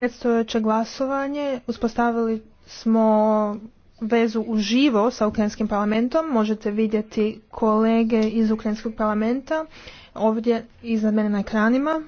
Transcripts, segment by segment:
predstojeće glasovanje uspostavili smo vezu uživo sa ukrajinskim parlamentom. Možete vidjeti kolege iz ukrajinskog parlamenta ovdje iznad mene na ekranima.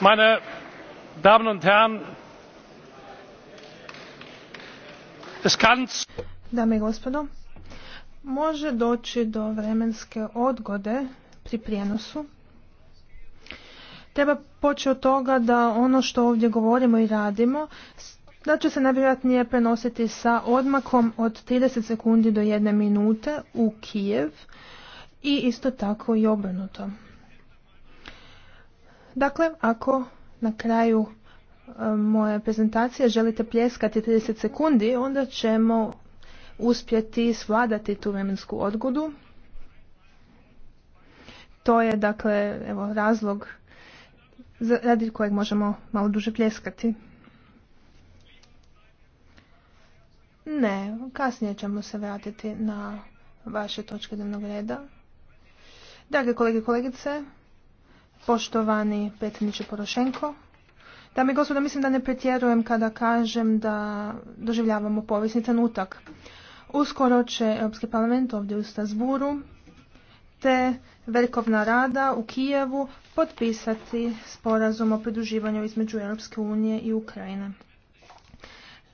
Meine Damen und Herren, Dame i gospodo, može doći do vremenske odgode pri prijenosu. Treba poći od toga da ono što ovdje govorimo i radimo, da će se najvjerojatnije prenositi sa odmakom od 30 sekundi do jedne minute u Kijev i isto tako i obrnuto. Dakle, ako na kraju moje prezentacije želite pljeskati 30 sekundi, onda ćemo uspjeti svladati tu vremensku odgodu. To je dakle evo, razlog radi kojeg možemo malo duže pljeskati. Ne, kasnije ćemo se vratiti na vaše točke dnevnog reda. Drage kolege i kolegice, poštovani predsjedniče Porošenko, Dame i gospodo, mislim da ne pretjerujem kada kažem da doživljavamo povijesni trenutak. Uskoro će Europski parlament ovdje u Strasburu te velikovna rada u Kijevu potpisati sporazum o pridruživanju između Europske unije i Ukrajine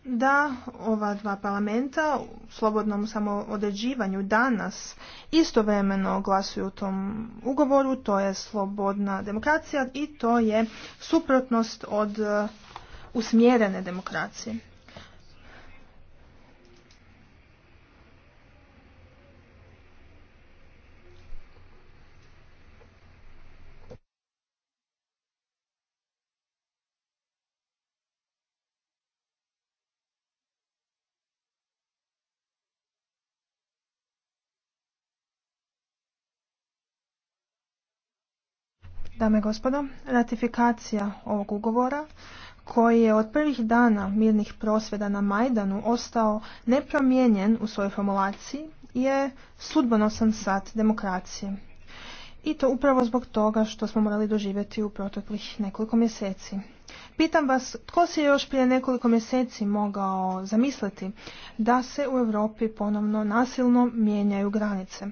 da ova dva parlamenta u slobodnom samoodređivanju danas istovremeno glasuju u tom ugovoru, to je slobodna demokracija i to je suprotnost od e, usmjerene demokracije. Dame i gospodo, ratifikacija ovog ugovora koji je od prvih dana mirnih prosvjeda na Majdanu ostao nepromijenjen u svojoj formulaciji je sudbonosan sat demokracije. I to upravo zbog toga što smo morali doživjeti u proteklih nekoliko mjeseci. Pitam vas, tko si je još prije nekoliko mjeseci mogao zamisliti da se u Europi ponovno nasilno mijenjaju granice?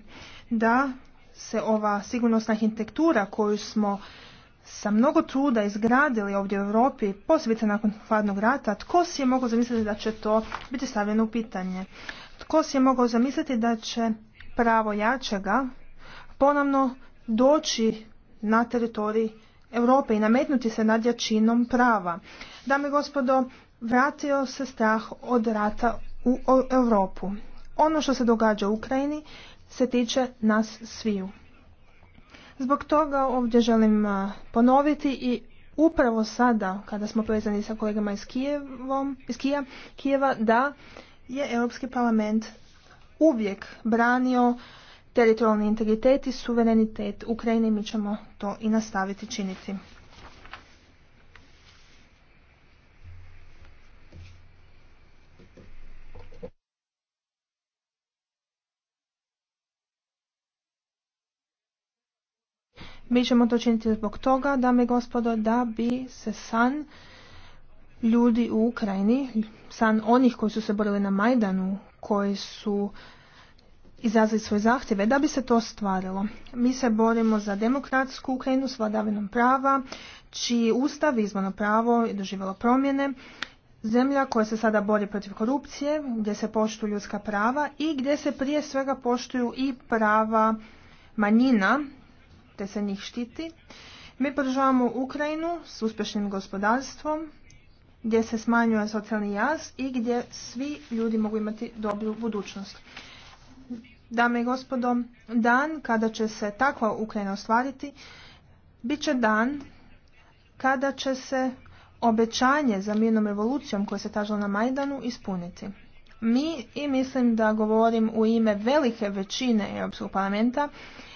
Da se ova sigurnosna arhitektura koju smo sa mnogo truda izgradili ovdje u Europi, posebice nakon hladnog rata, tko si je mogao zamisliti da će to biti stavljeno u pitanje? Tko si je mogao zamisliti da će pravo jačega ponovno doći na teritorij Europe i nametnuti se nad jačinom prava? Dame i gospodo, vratio se strah od rata u Europu. Ono što se događa u Ukrajini se tiče nas sviju. Zbog toga ovdje želim ponoviti i upravo sada kada smo povezani sa kolegama iz, Kijevom, iz Kijeva da je Europski parlament uvijek branio teritorijalni integritet i suverenitet Ukrajine i mi ćemo to i nastaviti činiti. Mi ćemo to činiti zbog toga, dame i gospodo, da bi se san ljudi u Ukrajini, san onih koji su se borili na Majdanu, koji su izrazili svoje zahtjeve, da bi se to stvarilo. Mi se borimo za demokratsku Ukrajinu s vladavinom prava, čiji ustav i pravo je doživjelo promjene, zemlja koja se sada bori protiv korupcije, gdje se poštuju ljudska prava i gdje se prije svega poštuju i prava manjina te se njih štiti. Mi podržavamo Ukrajinu s uspješnim gospodarstvom, gdje se smanjuje socijalni jaz i gdje svi ljudi mogu imati dobru budućnost. Dame i gospodo, dan kada će se takva Ukrajina ostvariti, bit će dan kada će se obećanje za mirnom revolucijom koje se tažilo na Majdanu ispuniti mi i mislim da govorim u ime velike većine Europskog parlamenta,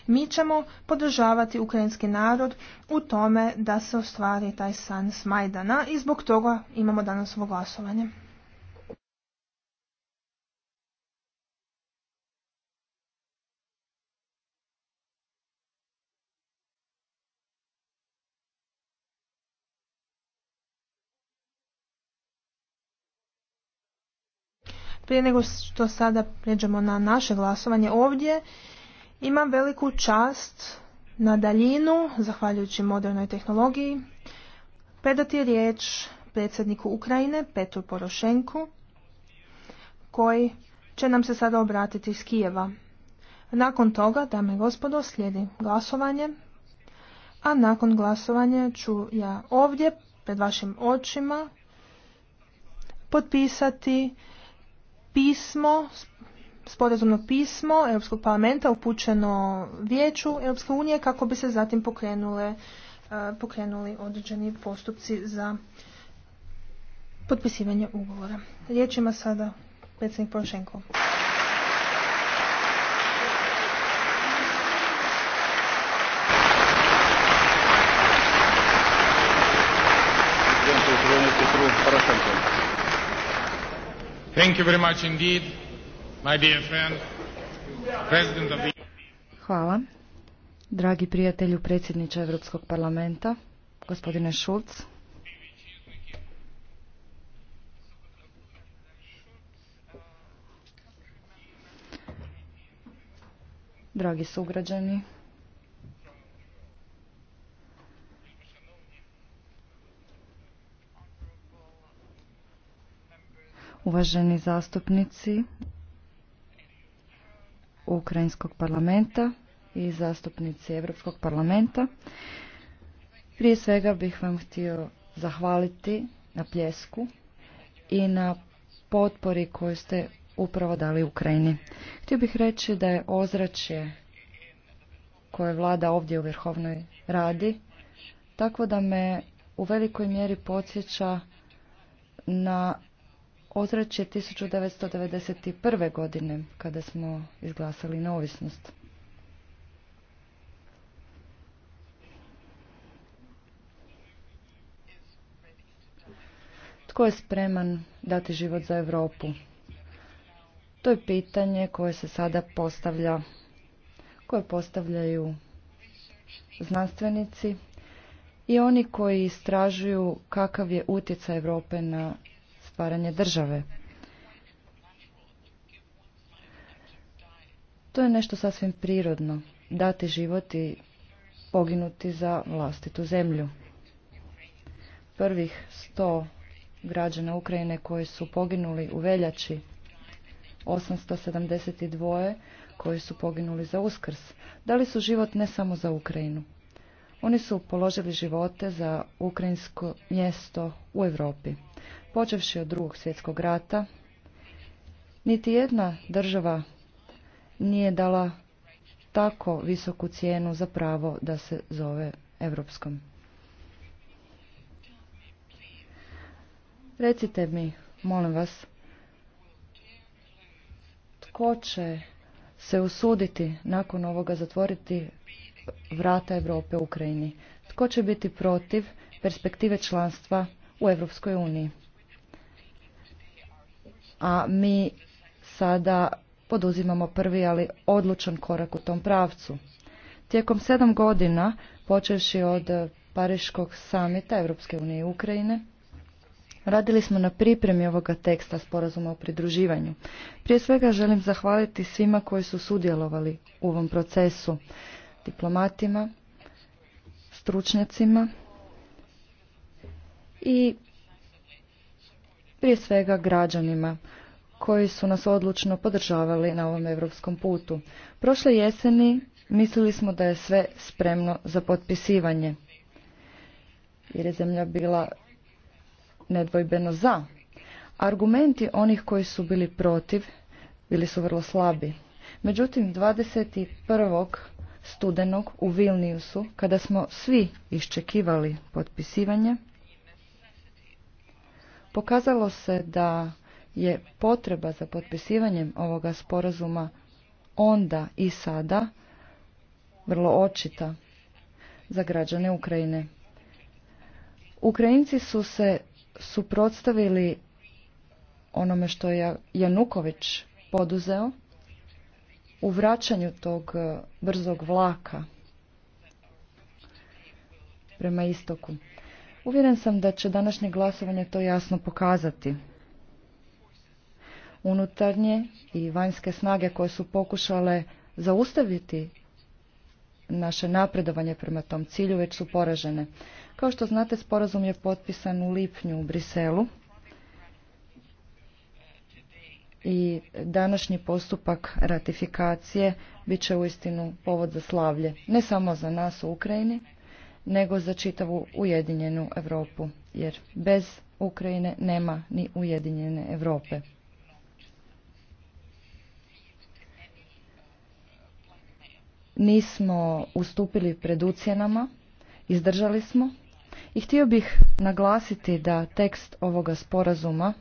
mi ćemo podržavati ukrajinski narod u tome da se ostvari taj san s Majdana i zbog toga imamo danas ovo glasovanje. Prije nego što sada pređemo na naše glasovanje ovdje, imam veliku čast na daljinu, zahvaljujući modernoj tehnologiji, predati riječ predsjedniku Ukrajine, Petru Porošenku, koji će nam se sada obratiti iz Kijeva. Nakon toga, dame i gospodo, slijedi glasovanje, a nakon glasovanja ću ja ovdje, pred vašim očima, potpisati pismo, sporazumno pismo Europskog parlamenta upućeno vijeću Europske unije kako bi se zatim pokrenule, e, pokrenuli određeni postupci za potpisivanje ugovora. Riječ ima sada predsjednik Porošenko. Thank you very much indeed, my dear friend, President of the... Hvala. Dragi prijatelju predsjedniče Evropskog parlamenta, gospodine Šulc. Dragi sugrađani, uvaženi zastupnici Ukrajinskog parlamenta i zastupnici Europskog parlamenta. Prije svega bih vam htio zahvaliti na pljesku i na potpori koju ste upravo dali Ukrajini. Htio bih reći da je ozračje koje vlada ovdje u Vrhovnoj radi, tako da me u velikoj mjeri podsjeća na ozračje 1991. godine kada smo izglasali neovisnost. Tko je spreman dati život za Europu? To je pitanje koje se sada postavlja, koje postavljaju znanstvenici i oni koji istražuju kakav je utjecaj Europe na stvaranje države. To je nešto sasvim prirodno, dati život i poginuti za vlastitu zemlju. Prvih sto građana Ukrajine koji su poginuli u veljači, 872 koji su poginuli za uskrs, dali su život ne samo za Ukrajinu, oni su položili živote za ukrajinsko mjesto u Europi. Počevši od drugog svjetskog rata, niti jedna država nije dala tako visoku cijenu za pravo da se zove europskom. Recite mi, molim vas, tko će se usuditi nakon ovoga zatvoriti vrata Europe Ukrajini. Tko će biti protiv perspektive članstva u Europskoj uniji? A mi sada poduzimamo prvi, ali odlučan korak u tom pravcu. Tijekom sedam godina, počevši od Pariškog samita Europske unije i Ukrajine, Radili smo na pripremi ovoga teksta sporazuma o pridruživanju. Prije svega želim zahvaliti svima koji su sudjelovali u ovom procesu diplomatima, stručnjacima i prije svega građanima koji su nas odlučno podržavali na ovom europskom putu. Prošle jeseni mislili smo da je sve spremno za potpisivanje jer je zemlja bila nedvojbeno za. Argumenti onih koji su bili protiv bili su vrlo slabi. Međutim, 21 studenog u Vilniusu, kada smo svi iščekivali potpisivanje, pokazalo se da je potreba za potpisivanjem ovoga sporazuma onda i sada vrlo očita za građane Ukrajine. Ukrajinci su se suprotstavili onome što je Januković poduzeo u vraćanju tog e, brzog vlaka prema istoku. Uvjeren sam da će današnje glasovanje to jasno pokazati. Unutarnje i vanjske snage koje su pokušale zaustaviti naše napredovanje prema tom cilju već su poražene. Kao što znate, sporazum je potpisan u lipnju u Briselu i današnji postupak ratifikacije bit će uistinu povod za slavlje, ne samo za nas u Ukrajini, nego za čitavu ujedinjenu Europu, jer bez Ukrajine nema ni ujedinjene Europe. Nismo ustupili pred ucjenama, izdržali smo i htio bih naglasiti da tekst ovoga sporazuma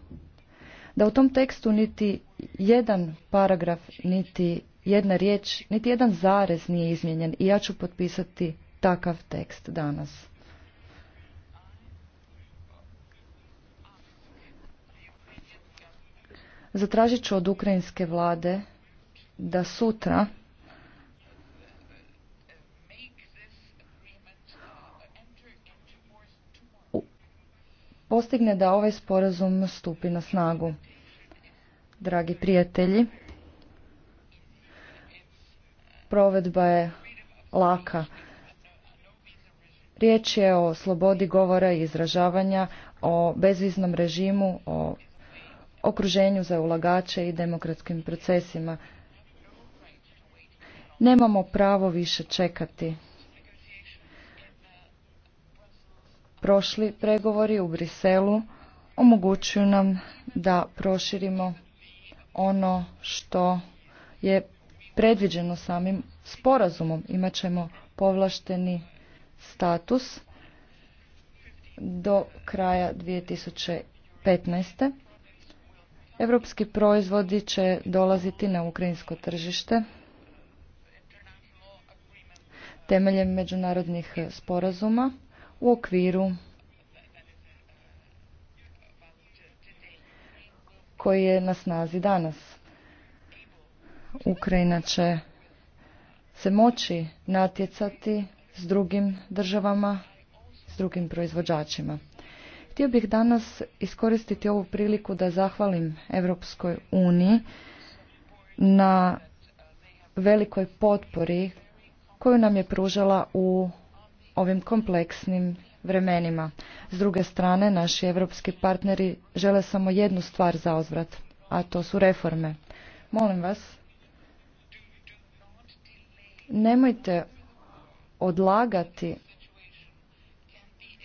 da u tom tekstu niti jedan paragraf, niti jedna riječ, niti jedan zarez nije izmijenjen i ja ću potpisati takav tekst danas. Zatražit ću od ukrajinske vlade da sutra postigne da ovaj sporazum stupi na snagu. Dragi prijatelji, provedba je laka. Riječ je o slobodi govora i izražavanja, o bezviznom režimu, o okruženju za ulagače i demokratskim procesima. Nemamo pravo više čekati. prošli pregovori u Briselu omogućuju nam da proširimo ono što je predviđeno samim sporazumom. Imaćemo povlašteni status do kraja 2015. Europski proizvodi će dolaziti na ukrajinsko tržište temeljem međunarodnih sporazuma u okviru koji je na snazi danas. Ukrajina će se moći natjecati s drugim državama, s drugim proizvođačima. Htio bih danas iskoristiti ovu priliku da zahvalim Europskoj uniji na velikoj potpori koju nam je pružala u ovim kompleksnim vremenima. S druge strane, naši evropski partneri žele samo jednu stvar za ozvrat, a to su reforme. Molim vas, nemojte odlagati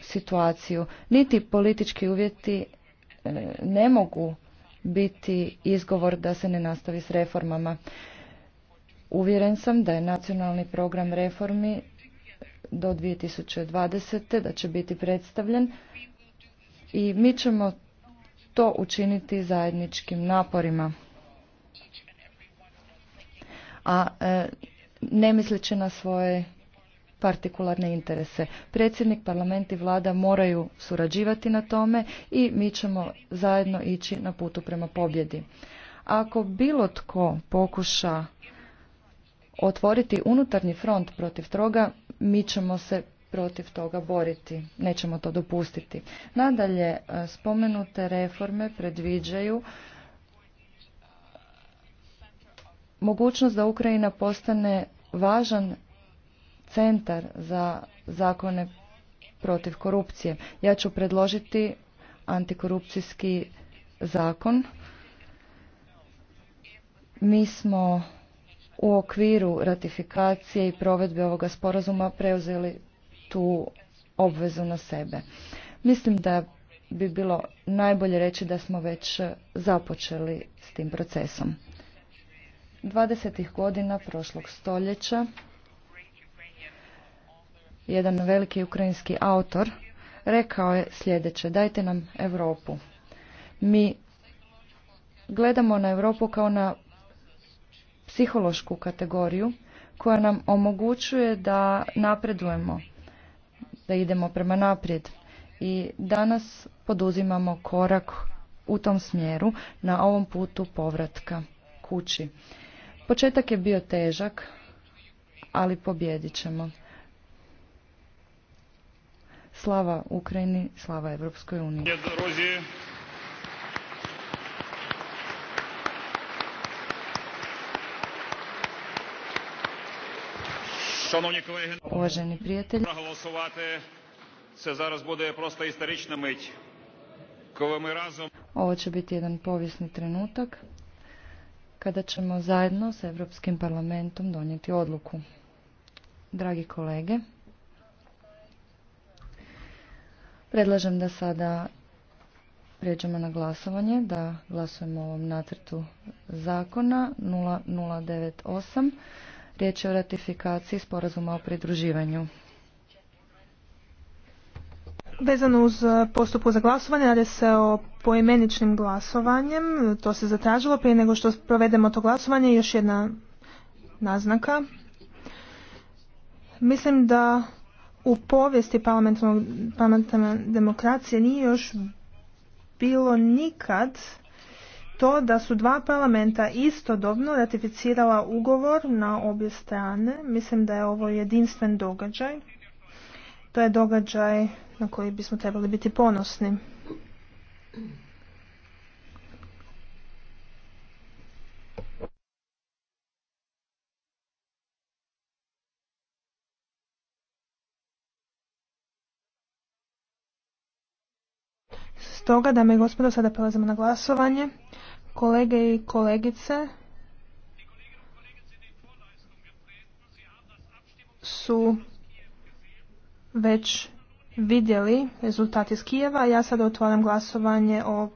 situaciju. Niti politički uvjeti e, ne mogu biti izgovor da se ne nastavi s reformama. Uvjeren sam da je nacionalni program reformi do 2020. da će biti predstavljen i mi ćemo to učiniti zajedničkim naporima. A e, ne misleći na svoje partikularne interese. Predsjednik, parlament i vlada moraju surađivati na tome i mi ćemo zajedno ići na putu prema pobjedi. Ako bilo tko pokuša otvoriti unutarnji front protiv toga, mi ćemo se protiv toga boriti, nećemo to dopustiti. Nadalje, e, spomenute reforme predviđaju mogućnost da Ukrajina postane važan centar za zakone protiv korupcije. Ja ću predložiti antikorupcijski zakon. Mi smo u okviru ratifikacije i provedbe ovoga sporazuma preuzeli tu obvezu na sebe. Mislim da bi bilo najbolje reći da smo već započeli s tim procesom. 20. godina prošlog stoljeća jedan veliki ukrajinski autor rekao je sljedeće, dajte nam Europu. Mi gledamo na Europu kao na psihološku kategoriju koja nam omogućuje da napredujemo, da idemo prema naprijed. I danas poduzimamo korak u tom smjeru na ovom putu povratka kući. Početak je bio težak, ali pobjedit ćemo. Slava Ukrajini, slava Europskoj uniji. Uvaženi prijatelji, Ovo će biti jedan povijesni trenutak kada ćemo zajedno s Europskim parlamentom donijeti odluku. Dragi kolege, predlažem da sada Prijeđemo na glasovanje, da glasujemo o ovom nacrtu zakona 0.09.8. Riječ je o ratifikaciji sporazuma o pridruživanju. Vezano uz e, postupu za glasovanje, radi se o poimeničnim glasovanjem. To se zatražilo prije nego što provedemo to glasovanje. Još jedna naznaka. Mislim da u povijesti parlamentarne demokracije nije još bilo nikad to da su dva parlamenta istodobno ratificirala ugovor na obje strane. Mislim da je ovo jedinstven događaj. To je događaj na koji bismo trebali biti ponosni. Stoga, dame i gospodo, sada prelazimo na glasovanje. Kolege i kolegice su već vidjeli rezultat iz Kijeva. Ja sada otvaram glasovanje o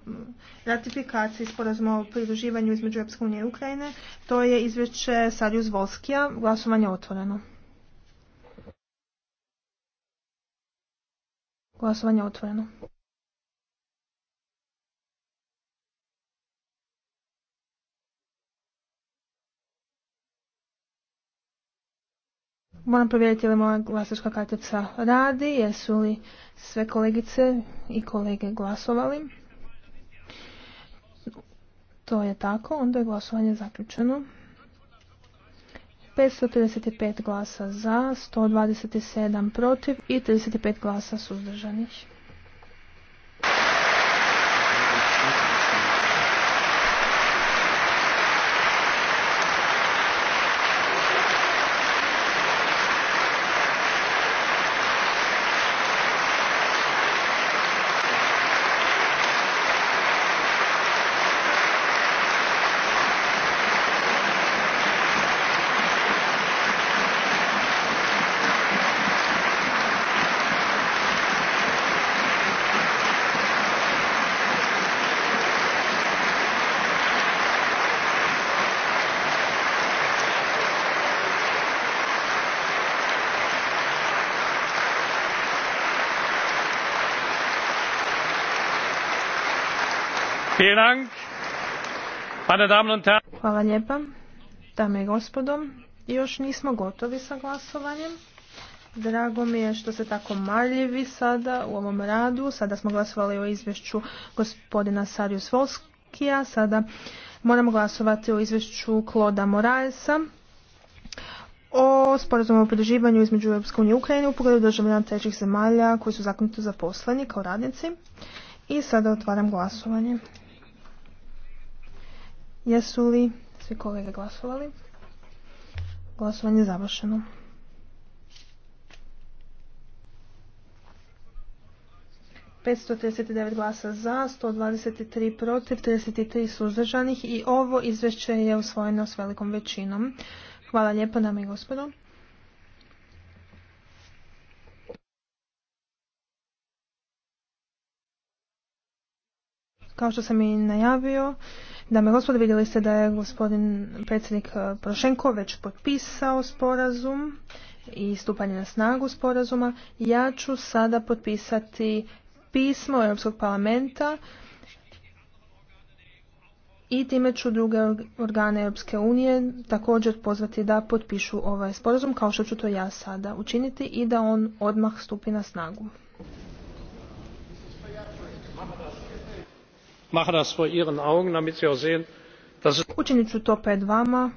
ratifikaciji sporazuma o pridruživanju između Europske unije i Ukrajine. To je izvješće Sarjus Volskija. Glasovanje otvoreno. Glasovanje otvoreno. Moram provjeriti li moja glasačka kartica radi, jesu li sve kolegice i kolege glasovali. To je tako, onda je glasovanje zaključeno. 535 glasa za, 127 protiv i 35 glasa suzdržanih. Hvala lijepa. Dame i gospodo, još nismo gotovi sa glasovanjem. Drago mi je što ste tako marljivi sada u ovom radu. Sada smo glasovali o izvješću gospodina Sarius Volskija. Sada moramo glasovati o izvješću Kloda Moraesa o sporazumu o pridruživanju između Europske unije i Ukrajine u pogledu državljana trećih zemalja koji su zakonito zaposleni kao radnici. I sada otvaram glasovanje. Jesu li svi kolege glasovali? Glasovanje je završeno. petsto trideset devet glasa za 123 protiv trideset tri suzdržanih i ovo izvješće je usvojeno s velikom većinom hvala lijepo dame i gospodo kao što sam i najavio Dame i gospodo, vidjeli ste da je gospodin predsjednik e, Prošenko već potpisao sporazum i stupanje na snagu sporazuma. Ja ću sada potpisati pismo Europskog parlamenta i time ću druge organe Europske unije također pozvati da potpišu ovaj sporazum kao što ću to ja sada učiniti i da on odmah stupi na snagu. Učinit ću to pred vama,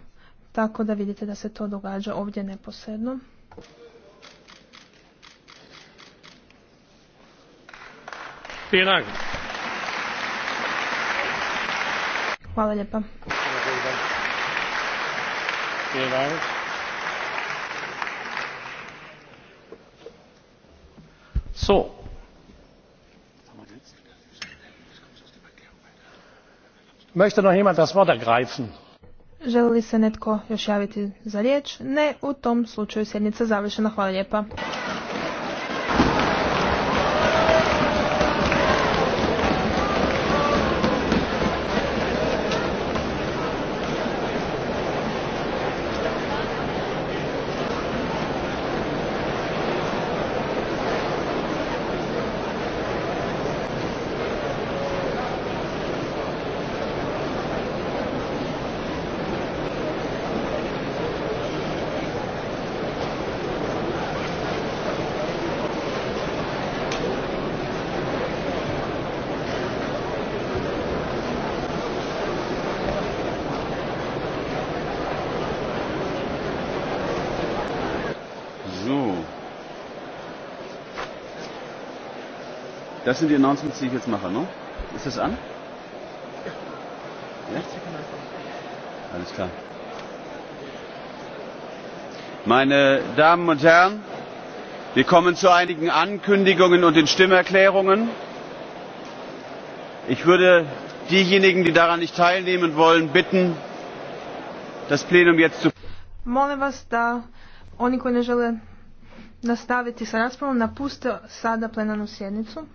tako da vidite da se to događa ovdje neposredno. Hvala lijepa. So. Möchte noch Želi li se netko još javiti za riječ? Ne, u tom slučaju sjednica završena. Hvala lijepa. Das sind die announcements, die ich jetzt mache, ne? Ist das an? Ja? Alles klar. Meine Damen und Herren, wir kommen zu einigen Ankündigungen und den Stimmerklärungen. Ich würde diejenigen, die daran nicht teilnehmen wollen, bitten, das Plenum jetzt zu... Molim vas da oni koji ne žele nastaviti sa raspravom napustio sada plenarnu sjednicu.